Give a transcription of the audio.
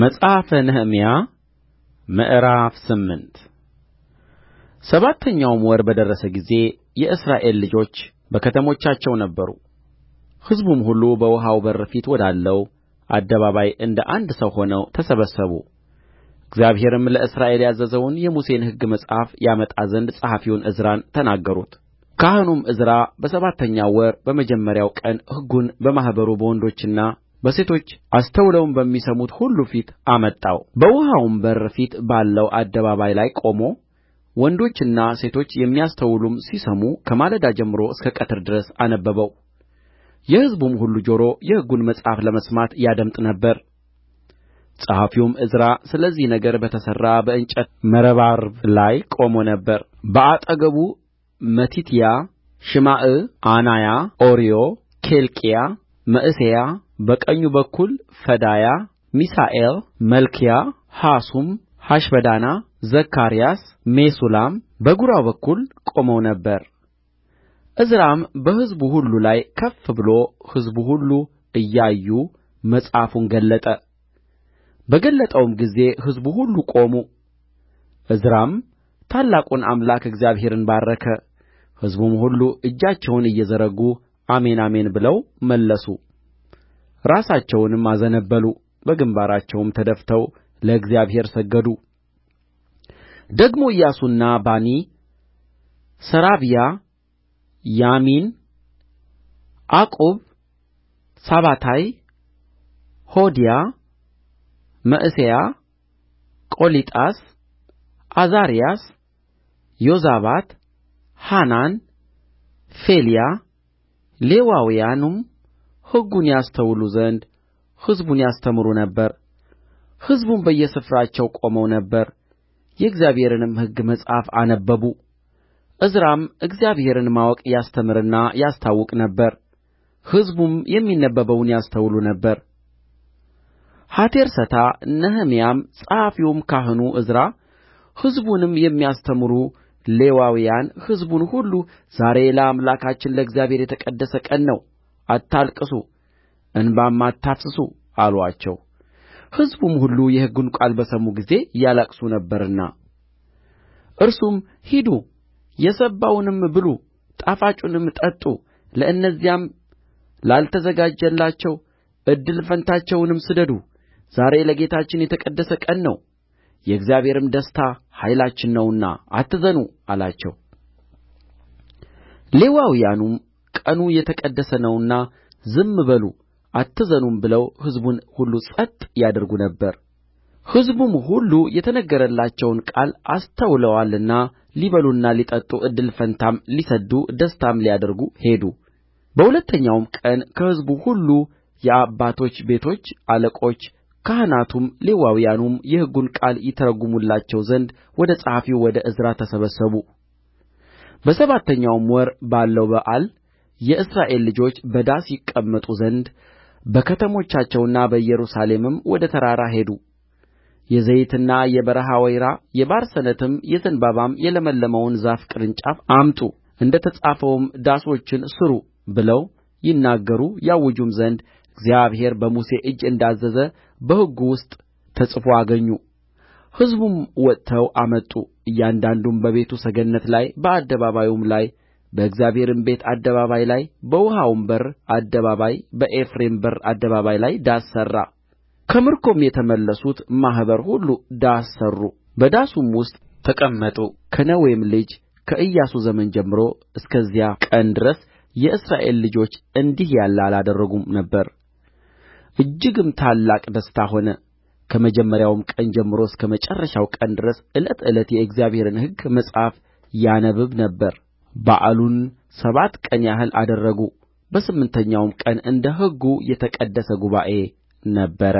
መጽሐፈ ነህምያ ምዕራፍ ስምንት ሰባተኛውም ወር በደረሰ ጊዜ የእስራኤል ልጆች በከተሞቻቸው ነበሩ። ሕዝቡም ሁሉ በውኃው በር ፊት ወዳለው አደባባይ እንደ አንድ ሰው ሆነው ተሰበሰቡ። እግዚአብሔርም ለእስራኤል ያዘዘውን የሙሴን ሕግ መጽሐፍ ያመጣ ዘንድ ጸሐፊውን ዕዝራን ተናገሩት። ካህኑም ዕዝራ በሰባተኛው ወር በመጀመሪያው ቀን ሕጉን በማኅበሩ በወንዶችና በሴቶች አስተውለውም በሚሰሙት ሁሉ ፊት አመጣው በውኃውም በር ፊት ባለው አደባባይ ላይ ቆሞ ወንዶችና ሴቶች የሚያስተውሉም ሲሰሙ ከማለዳ ጀምሮ እስከ ቀትር ድረስ አነበበው። የሕዝቡም ሁሉ ጆሮ የሕጉን መጽሐፍ ለመስማት ያደምጥ ነበር። ጸሐፊውም ዕዝራ ስለዚህ ነገር በተሠራ በእንጨት መረባርብ ላይ ቆሞ ነበር። በአጠገቡ መቲትያ፣ ሽማዕ፣ ዓናያ፣ ኦርዮ፣ ኬልቅያ፣ መዕሤያ በቀኙ በኩል ፈዳያ ሚሳኤል መልክያ ሐሱም ሐሽበዳና ዘካርያስ ሜሱላም በግራው በኩል ቆመው ነበር ዕዝራም በሕዝቡ ሁሉ ላይ ከፍ ብሎ ሕዝቡ ሁሉ እያዩ መጽሐፉን ገለጠ በገለጠውም ጊዜ ሕዝቡ ሁሉ ቆሙ ዕዝራም ታላቁን አምላክ እግዚአብሔርን ባረከ ሕዝቡም ሁሉ እጃቸውን እየዘረጉ አሜን አሜን ብለው መለሱ ራሳቸውንም አዘነበሉ በግምባራቸውም ተደፍተው ለእግዚአብሔር ሰገዱ ደግሞ ኢያሱና ባኒ ሰራብያ ያሚን ዓቁብ ሳባታይ ሆዲያ መዕሤያ ቆሊጣስ ዓዛርያስ ዮዛባት ሐናን ፌልያ ሌዋውያኑም ሕጉን ያስተውሉ ዘንድ ሕዝቡን ያስተምሩ ነበር ሕዝቡም በየስፍራቸው ቆመው ነበር የእግዚአብሔርንም ሕግ መጽሐፍ አነበቡ ዕዝራም እግዚአብሔርን ማወቅ ያስተምርና ያስታውቅ ነበር ሕዝቡም የሚነበበውን ያስተውሉ ነበር ሐቴርሰታ ነህምያም ጸሐፊውም ካህኑ ዕዝራ ሕዝቡንም የሚያስተምሩ ሌዋውያን ሕዝቡን ሁሉ ዛሬ ለአምላካችን ለእግዚአብሔር የተቀደሰ ቀን ነው አታልቅሱ እንባም አታፍስሱ አሉአቸው ሕዝቡም ሁሉ የሕጉን ቃል በሰሙ ጊዜ ያለቅሱ ነበርና እርሱም ሂዱ የሰባውንም ብሉ ጣፋጩንም ጠጡ ለእነዚያም ላልተዘጋጀላቸው እድል ፈንታቸውንም ስደዱ ዛሬ ለጌታችን የተቀደሰ ቀን ነው የእግዚአብሔርም ደስታ ኃይላችን ነውና አትዘኑ አላቸው ሌዋውያኑም ቀኑ የተቀደሰ ነውና ዝም በሉ አትዘኑም ብለው ሕዝቡን ሁሉ ጸጥ ያደርጉ ነበር ሕዝቡም ሁሉ የተነገረላቸውን ቃል አስተውለዋልና ሊበሉና ሊጠጡ እድል ፈንታም ሊሰድዱ ደስታም ሊያደርጉ ሄዱ በሁለተኛውም ቀን ከሕዝቡ ሁሉ የአባቶች ቤቶች አለቆች ካህናቱም ሌዋውያኑም የሕጉን ቃል ይተረጕምላቸው ዘንድ ወደ ጸሐፊው ወደ ዕዝራ ተሰበሰቡ በሰባተኛውም ወር ባለው በዓል የእስራኤል ልጆች በዳስ ይቀመጡ ዘንድ በከተሞቻቸውና በኢየሩሳሌምም ወደ ተራራ ሄዱ። የዘይትና የበረሀ ወይራ የባርሰነትም የዘንባባም የለመለመውን ዛፍ ቅርንጫፍ አምጡ እንደ ተጻፈውም ዳሶችን ሥሩ ብለው ይናገሩ ያውጁም ዘንድ እግዚአብሔር በሙሴ እጅ እንዳዘዘ በሕጉ ውስጥ ተጽፎ አገኙ። ሕዝቡም ወጥተው አመጡ፣ እያንዳንዱም በቤቱ ሰገነት ላይ በአደባባዩም ላይ በእግዚአብሔርም ቤት አደባባይ ላይ በውኃውም በር አደባባይ በኤፍሬም በር አደባባይ ላይ ዳስ ሠራ ከምርኮም የተመለሱት ማኅበር ሁሉ ዳስ ሠሩ በዳሱም ውስጥ ተቀመጡ ከነዌም ልጅ ከኢያሱ ዘመን ጀምሮ እስከዚያ ቀን ድረስ የእስራኤል ልጆች እንዲህ ያለ አላደረጉም ነበር እጅግም ታላቅ ደስታ ሆነ ከመጀመሪያውም ቀን ጀምሮ እስከ መጨረሻው ቀን ድረስ ዕለት ዕለት የእግዚአብሔርን ሕግ መጽሐፍ ያነብብ ነበር በዓሉን ሰባት ቀን ያህል አደረጉ በስምንተኛውም ቀን እንደ ሕጉ የተቀደሰ ጉባኤ ነበረ